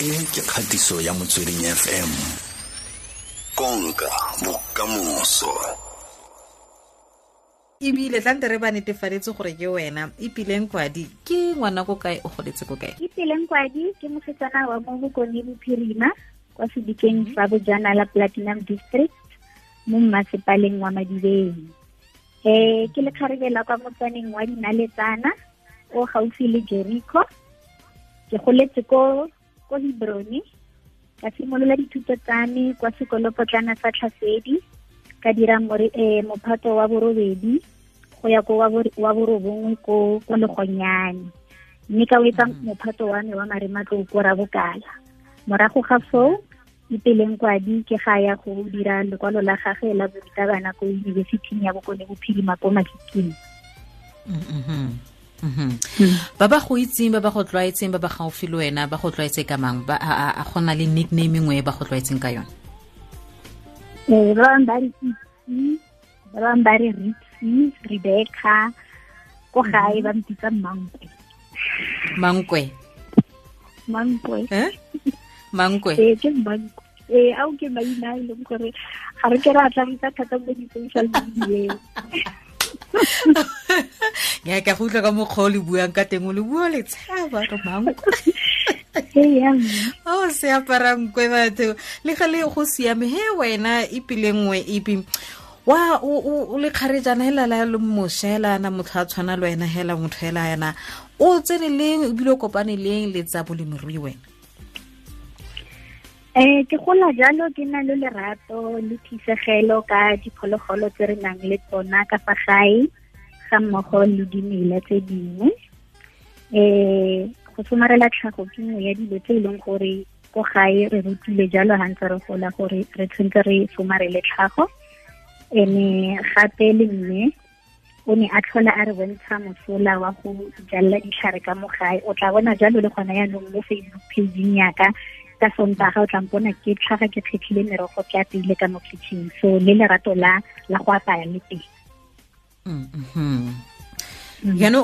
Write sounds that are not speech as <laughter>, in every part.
e ke kgatiso ya motsweding fm konka bokamoso ebile tla nte re ba netefaletse gore ke wena ipileng e kwadi ke ngwana ko kae o goletse ko kae ipileng e kwadi ke mosetsana wa mo bokone bophirima kwa sedikeng fa bojana la platinum district mo mmasepaleng wa madibeng um ke le kgarebela kwa motsaneng wa dinaletsana o gaufi le jericho ke goletse ko ko hebrone ka simolola dithuto tsa me kwa sekolopotlana sa tlhasedi ka dira eh, mophato wa borobedi go ya ko wa borobongwe ko legonyane mme ka wetsa mhm. mophato wa me wa marematlou ko rabokala morago ga foo ipeleng kwadi ke ga ya go dira lekwalo la gage la borutabana ko yunibesithing ya bokone bophirima ko makiking mm-hmm ba ba go itseng ba ba go tlwaetseng ba ba gaufi le wena ba go tlwaetse ka mang a go na le nickname engwe ba go tlwaetseng ka yone eh, ba bangwe ba re ba bangwe ba re ritsi rebecca ko gae ba mpitsa mankwe mankwe mankwe mankwe ee eh, ke mankwe eh, ao ke maina e leng gore ga re ke re a tlamisa thata mo di-social media <laughs> ya <laughs> ka go utlwa ka mokgwa o le buang ka teng o le bua le tshaba ka manko <laughs> ee, <laughs> o oh, se aparang kwe batho le ga le go siame he wena ipile e nngwe ipi wa o le kgarejana hela la le mosha hela na motho a tshwana le wena hela motho hela yana o tsene leng ebile o kopane leng le tsa bolemirui wena Eh ke gola jalo ke na le lerato le thisegelo ka diphologolo tse re nang le tsona ka fa gae ga mmogo le dimela tse dingwe eh go somarela tlhago ke nngwe ya dilo tse e leng gore ko gae re rutile jalo ga ntse re gola gore re tshwanetse re somarele tlhago ene gape le mme o ne a tlhola a re bontsha mosola wa go jalla ditlhare ka mo gae o tla bona jalo le gona yaanong mo facebook pageng yaka ka sontaga o tla mpona ke tlhaga ke kgetlhile merogo ke apeile ka mo kitchen so le lerato la la go apaya le teng jaanong mm, mm-hmm.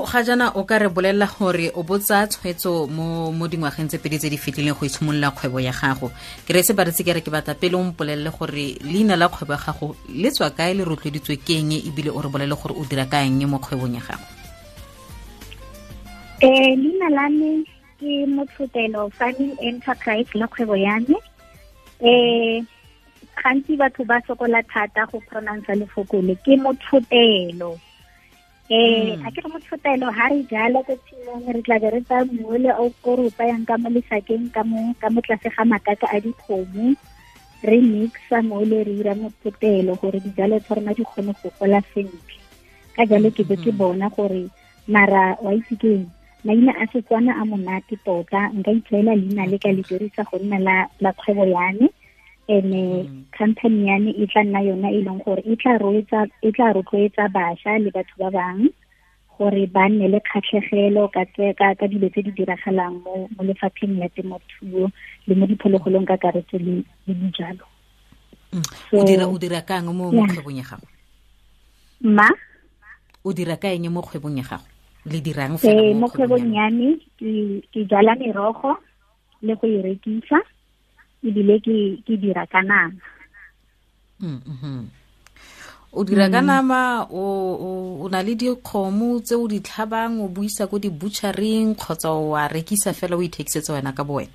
ga jana o ka re bolelela gore o botsa tshwetso mo mo dingwageng tse pedi tse di fetileng go itshimolola kgwebo ya gago ke re se ba retse ke re ke batla pele o mpolelele gore leina la kgwebo ya gago le tswa kae le rotloeditswe ke eng ebile o re bolelele gore o dira ka eng mo kgwebong ya gago um leina la me ke mothotelo farming enterprise le kgwebo ya me um gantsi batho ba sokola thata go pronounce lefoko le ke mothotelo um e, hmm. a ke re mothotelo ha re jala ko tshimong re tla be re tsaya mmole o korupa yang ka mo lesakeng ka mo tlase ga makaka a dikgomo re mixa mole re 'ira mothotelo gore dijalo tsa rona di kgone go gola sentle ka jalo ke be ke hmm. bona gore mara wa itse keng maina a setswana a monate tota nka itseela leina le ka le dirisa go nna la, la kgwebo yame ene mm-hmm. company yame e tla nna yona e leng gore e, e tla rotloetsa bašwa le batho ba bangwe gore ba nne le kgatlhegelo ka ka dilo tse di diragalang mo mo lefapheng la temothuo le mo diphologolong ka karetso le le dijalo mm-hmm. o dira o dira kang mo mo kgwebong ya gago ma o dira kaeng mo kgwebong ya gago le dirang fela eh, mo kgwebong ya me ke jala merogo le go e rekisa ebile ke dira ka nama mm, mm-hmm. o dira ka mm. nama o na le dikgomo tse o di tlhabang o buisa ko di-butchereng kgotsa wa rekisa fela o ithekisetsa wena ka bowena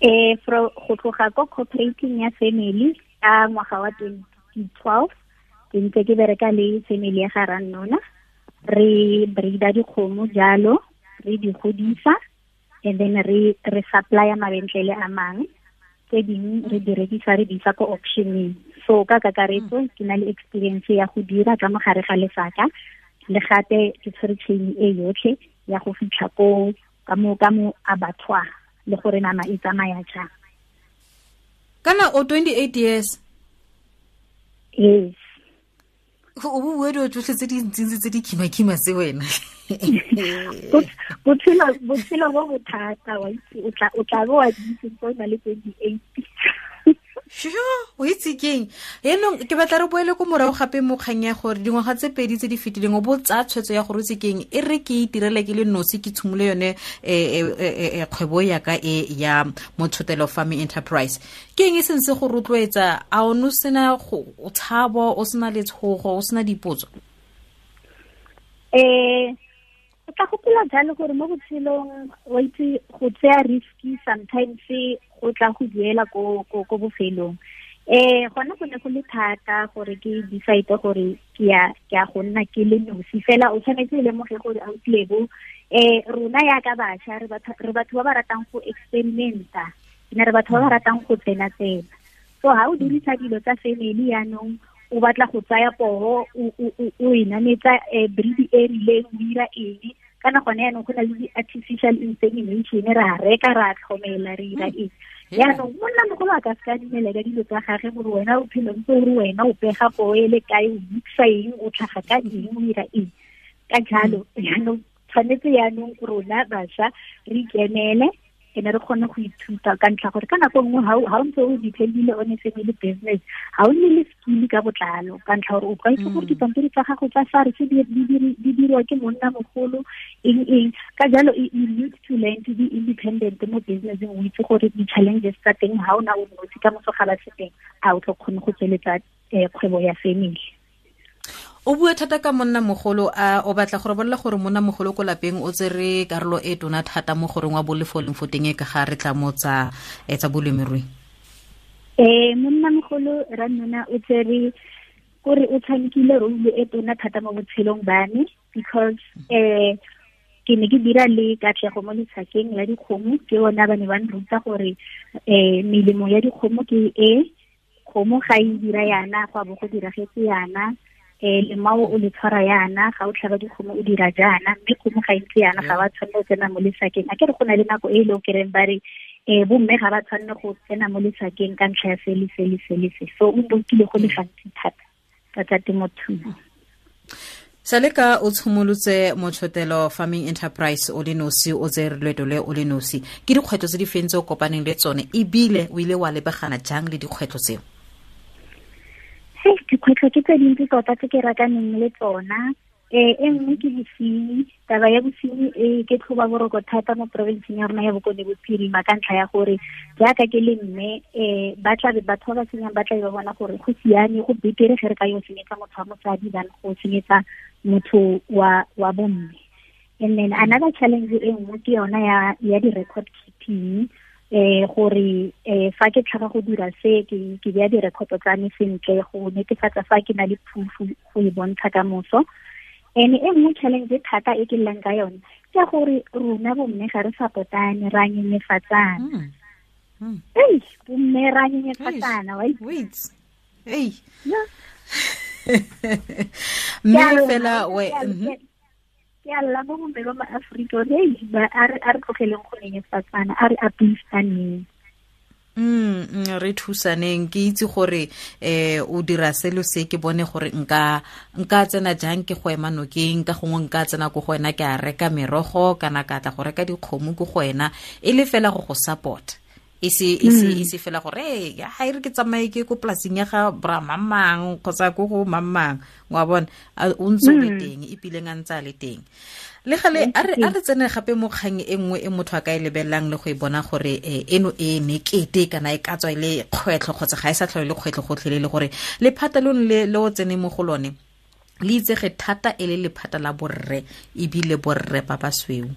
wena um go tloga ko cooperating ya family ka ngwaga wa twenty twelve ke ntse ke bereka le family ya ga rannona re breeda dikgomo jalo re di godisa and then re re supplya mabentlele a mangwe tse dingwe re di rekisa re di isa ko auctioneng so ka kakaretso mm. ke na le experience ya go dira ka mogare ga lefaka le gape ke tshwere chain e yotlhe ya go fitlha ko ka mo ka mo a le gore nama e tsamaya jang kana o 28 years yes o bo tsotlhe tse dintsintsi tse di khimakhima se wena botshelo bo bothata o tla bo wa ditse o na le twenty eight fio o itse keng enong ke batla re boele ko morago gape mo kgang ya gore dingwaga tse pedi tse di fetileng o bo tsaya tshwetso ya gore o tsekeng e re ke itirele ke le nosi ke tshimole yone e, e, e, kgwebo yaka e ya mothotelo farming enterprise ke eng e sentse go rotloetsa a one o sena tshabo o sena letshogo o sena dipotso um ka go gopola jalo gore mo botshelong wa itse go tseya risky sometimes go tla go duela ko ko bofelong eh gona go ne go le thata gore ke decide gore ke ya ke ya go nna ke le nosi fela o tshwanetse le moge gore out level eh rona ya ka basha re batho re batho ba ba ratang go experimenta ne re batho ba ba ratang go tsena tsena so ha o dirisa dilo tsa family yaanong o batla go tsaya poho o o o e nanetsa eh, breed e rileng o dira eng Kana gone yaanong go na le di-artificial insemination ra reka ra tlhomela re 'ira hmm. eng yaanong monna mogolo a ka se ka dumela ka dilo tsa gage gore wena o phela ntse gore wena o pega go ele kae o mixa eng o tlhaga ka eng o 'ira e ka jalo tsanetse hmm. tshwanetse no rona sa re kenele and re kgone go ithuta ka ntlha gore ka nako e nngwe ga o ntse o dependile one family business ga o nne le skill ka botlalo ka ntlha gore o ka itse gore mm. dipampiri tsa gago tsa sare se di dirwa ke monna mogolo eng eng ka jalo you e, need to learn to be independent mo businesseng o itse gore di-challenges tsa teng ga o na o nosi ka mosogala se teng ga o tlo kgone go tsweletsa um kgwebo ya family o bua thata ka monnamogolo a o batla gore bolela gore monnamogolo ko lapeng o tsere karolo e tona thata mo goreng wa bolefoleng foteng e ka ga re tla mo tsa e tsa bolemirui um eh, monnamogolo rannona o tsere kore o tshamekile role e tona thata mo botshelong ba me because um ke ne ke dira le katlego mo letshakeng la dikgomo ke yona ba ne ba nruta gore um melemo ya dikgomo ke e kgomo ga e dira yana go a bo go diragetse yana eh lemao o le tshwara yana ga o tlhaba dikgomo o dira jana mme kgomo ga e ntse yana ga wa tshwanela go tsena mo lesakeng a ke re go na le nako e e leng kereng ba re um eh, bomme ga ba tshwanne go tsena mo lesakeng ka ntlha ya sele sele sele se so o bokile go le gantsi thata ka tsa temothuo saleka o tshimolotse motshotelo farming enterprise o le nosi o tsere loeto le o le nosi ke dikgwetlho tse di feng tse o kopaneng le tsone ebile o ile wa lebagana jang le dikgwetlho tseo hei dikgwetlho ke tse dintsi tota tse ke rakaneng le tsona um e nngwe ke bosenyi taba ya bosenyi e ke tlhoba boroko thata mo porofenseng ya rona ya bokone bophirima ka ntlha ya gore jaaka ke le mme um eh, batlabe batho ba ba senyang ba tlabe ba bona gore go siame go betere ge re ka yo senyetsa motho wa mosadi than go senyetsa motho wa bomme and then another challenge e nngwe ke yona ya di-record keeping eh gore eh fa ke tlhaga go dira se ke ke bea direkoto tsa me sentle go netefatsa fa ke na le phufu go e bontsha ka moso ene e nngwe challenge thata e ke llang ka yone ke gore rona bomme ga re sapotane ra nyenyefatsana mm. mm. ei bomme ra nyenyefatsana wa itse ei <laughs> mme fela we ke alla mo bombelo ma Afrika re a re tlogeleng go lenyefatsana a re apisaneng mm, mm re thusaneng ke itse gore eh o dira selo se ke bone gore nka nka tsena jang ke go ema nokeng ka gongwe nka tsena ko go wena ke a reka merogo kana ka tla go reka dikgomo ko go wena e le fela go go support e se e se mm. e se fela gore ya ha ire e ke tsamaye ke ko polasing ya ga bra mamang kgotsa ko go mamang wa bona o ntse le mm. teng e pile nga ntse le teng le gale a re tsene gape mo kgang e nngwe e motho a ka e lebelelang le go e bona gore eno e nekete kana e ka tswa e le kgwetlho kgotsa ga e sa tlhole le kgwetlho gotlhelele gore lephata lone le o tsene mo go lone le itsege thata e le lephata la borre ebile borre ba basweu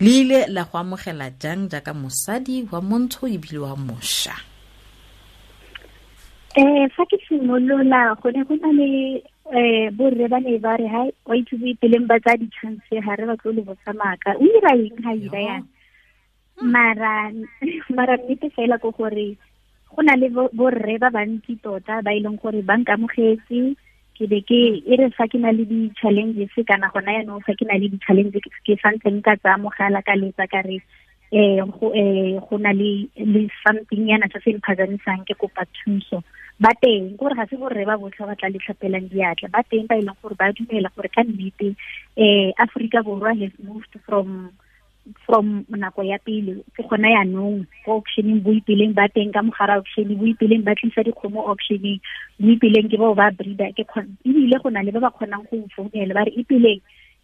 le ile la go amogela jang jaaka mosadi wa montsho ebile wa mošwa um fa ke simolola go ne go na le um borre ba ne ba re ha wa itse bo boipeleng ba tsaya ditshwantshe ga re ba tlo le botsamaka o ira eng ga ira yana mara <laughs> mara nnete fela ko gore go na le borre ba bantsi tota ba e leng gore ba nka nkamogetse ke be ke e re fa ke na le di-challenges kana gona yaanong fa ke na le di-challenges ke santseng ka tsaya mogala ka letsa ka re um eh, go eh, na le something yana se se mphazamisang ke kopa thuso ba teng gore ga se gore ba botlhe ba tla letlhapelang diatla ba teng ba e leng gore ba dumela gore ka nnete um eh, aforika borwa has moved from from nako ya pele ke gona yaanong ko auctioneng boipeleng ba teng ka mogara auction boipeleng ba tlisa dikgomo auctioneng boipeleng ke bao ba breeder ebile go na le ba ba kgonang go founela ba re epeleng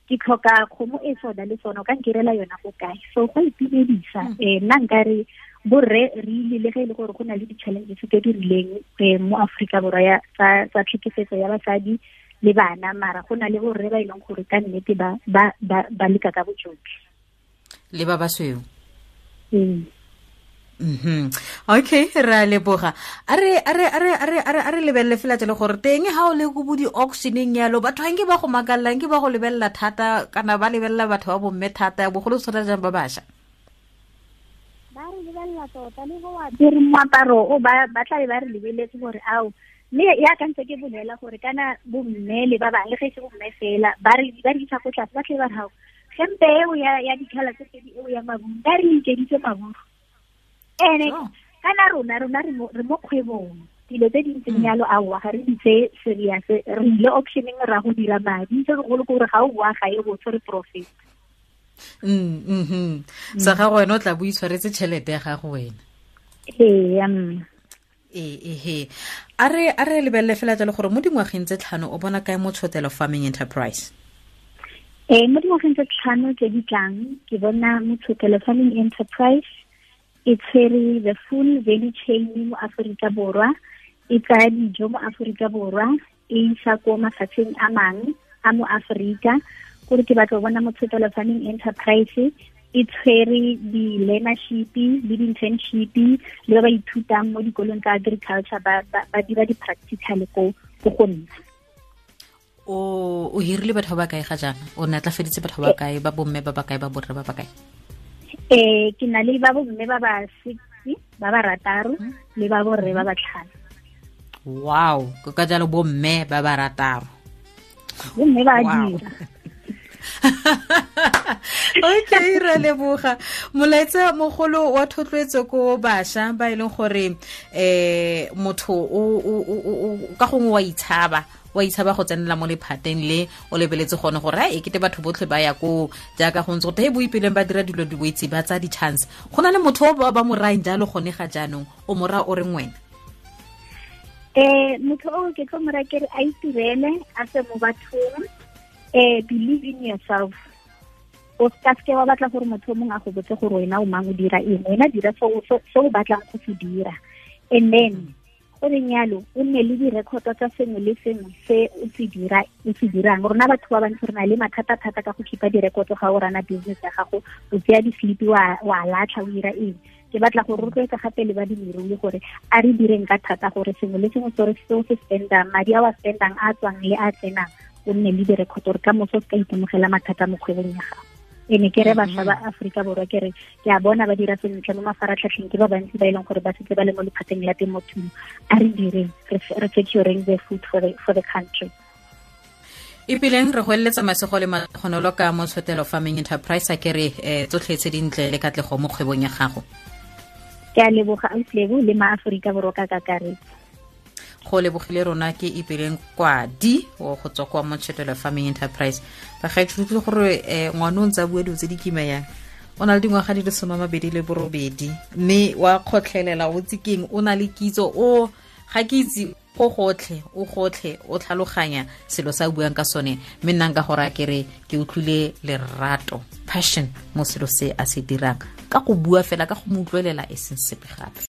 ke tlhoka kgomo e soda le sone o ka nkirela yona go kae so go itumedisa um nna nka re borre re ile le ga e le gore go na le di-challenges tse di rileng um mo aforika borwa tsa tlhekefetso ya basadi le bana mara go na le borre ba e leng gore ka nnete ba leka ka bojotlhe le ba basweu mhm okay re a leboga a re lebelele fela tse le gore teng ha o le go budi auctioning yalo batho hange ba go makallang ke ba go lebelela thata kana ba lebelela batho ba bomme thata bogolo tshwana jang ba bašwa ba re lebella tota le go wa moaparo o ba ba tla ba re lebeletse gore ao mme ya ka ke bolela gore kana bomme le ba ba le ge se bomme fela ba re ba isa ko tlase ba tlhabe ba re hao Kèmpe ou ya di kalase ke di ou ya magoun. Dar li geni se magoun. Ene, kan a ron a ron a rin mokwe moun. Di le de di njenye hmm. alo a wakari di se, se li a se, rin le opsyen enge rahu di la madi. Se rin gwen kou re ha ou wakari e wotore profi. Hmm, hmm, Saka wè nou tabou yi sware se chele dekha wè. E, e, e. Are, are li bel le fè la chalokoro, mou di mwakini zet chanou, obo na kèmote wote lo farming enterprise. e mo dingwageng tse tlhano tse di tlang ke bona motshokelo farming enterprise e tshwere the full value chain mo aforika borwa e tsaya dijo mo aforika borwa e isa ko mafatsheng a mangwe a mo aforika kore ke batla go bona motshokelo farming enterprise e tshwere di-learnership le di-internship le ba ba ithutang mo dikolong tsa agriculture ba dira di-practical ko go nna o hirile batho ba ba kae ga jaana o ne tla feditse batho ba bakae ba bomme ba bakae ba borre ba bakae eh ee, ke na le ba bomme ba ba sixty ba ba rataro hmm? le ba borre ba ba hmm? tlhano wow ka jalo bomme ba ba rataro bomme ba dira <laughs> okay ra leboga molaetsa mogolo wa thotloetso ko bašwa ba e leng gore um motho ka gongwe wa itshaba wa itshaba go tsenela mo lephateng le o lebeletse gone gore a ekete batho botlhe ba ya koo jaaka go ntse go te boipeleng ba dira dilo diboitse ba tsa di-chance go na le motho o ba mo rayang jalo gone ga jaanong o mo raya o reng wena um motho o ke tlo mo raya kere a itirele a se mo bathong eh believe in yourself o ka se wa batla gore motho mongwe a go botse gore wena o mang o dira eng wena dira se o batlang go se dira and then go leng yalo o nne le direkoto tsa sengwe le sengwe se o se dira o se dirang rona batho ba bantsi re na le mathata thata ka go khipa direkoto ga o rana business ya gago o tseya di-slipi wa latlha o dira eng ke batla go rotloetsa gape le badimirui gore a re direng ka thata gore sengwe le sengwe seo se spendang madi a wa spendang a tswang le a tsenang o nne le direkho gore ka moso o ka itemogela mathata mo kgwebong ya gago ene ke re bašwa ba aforika borwa ke re ke a bona ba dira sentle mo mafaratlhatlheng ke ba bantsi ba e leng gore ba setse ba le mo lephateng la temothuo a re direng re secureng the food for the, for the country epileng re go eletsa masego le makgonolo ka mo motshotelo farming enterprise a ke re um eh, tsotlhe tse dintle le katlego mo kgwebong ya gago ke a leboga auslebo le maaforika borwa ka kakaretso go lebogile rona ke ipeleng di o go tswa kwa motšhetelo farming enterprise ba ga utlwile e gore um eh, ngwane o ntse a bua dilo tse di kima yang o na le dingwaga di le mabedi le borobedi mme wa kgotlhelela o keng o na le kitso o ga ke itse go gotlhe o gotlhe o tlhaloganya selo sa buang ka sone mme nnang ka gore a kere ke utlwile lerato passion mo selo se a se dirang ka go bua fela ka go mo utlwelela e seng sepe gape